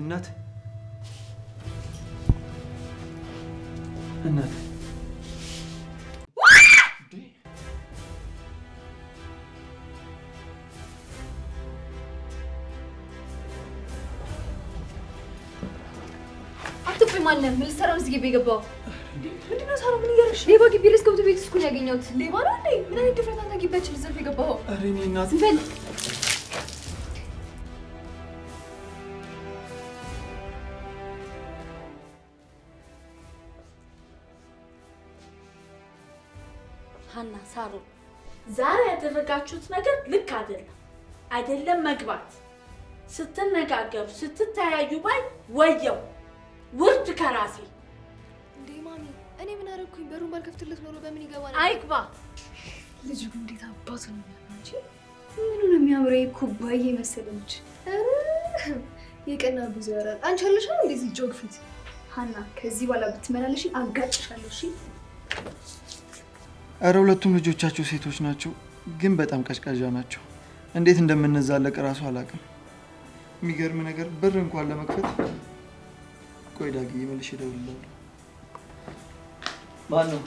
እናት እናት አትቆይ። ምን ልትሰራ ነው እዚህ ግቢ የገባው? ምንድን ነው ሳሮ? ምን እያደረግሽ? ሌባ ግቢ ድረስ ገብቶ ቤት እስኩን ያገኘሁት ሌባ ነው እንዴ? ምን አይነት ድፍረት አንተ ግቢያችን ልትዘርፍ የገባኸው? ኧረ እኔ እናት ሀና ሳሩ፣ ዛሬ ያደረጋችሁት ነገር ልክ አይደለም። አይደለም መግባት፣ ስትነጋገሩ፣ ስትተያዩ ባይ ወየው ውርድ ከራሴ እንዴ! ማሚ እኔ ምን አደረግኩኝ? በሩን ባልከፍትለት ኖሮ በምን ይገባል? አይግባ ልጅ እንዴት አባቱ ነው ያለች። ምኑ ነው የሚያምረው? ኩባዬ መሰለች። የቀና ብዙ ያወራል። አንቺ አለሻል እንደዚህ ጆግ ፊት ሀና፣ ከዚህ በኋላ ብትመላለሽ አጋጭሻለሁ። እሺ እረ ሁለቱም ልጆቻቸው ሴቶች ናቸው፣ ግን በጣም ቀዥቃዣ ናቸው። እንዴት እንደምንዛለቅ እራሱ አላውቅም። የሚገርም ነገር ብር እንኳን ለመክፈት ቆይ ዳግዬ መልሼ እደውልልሃለሁ። ማን ነው?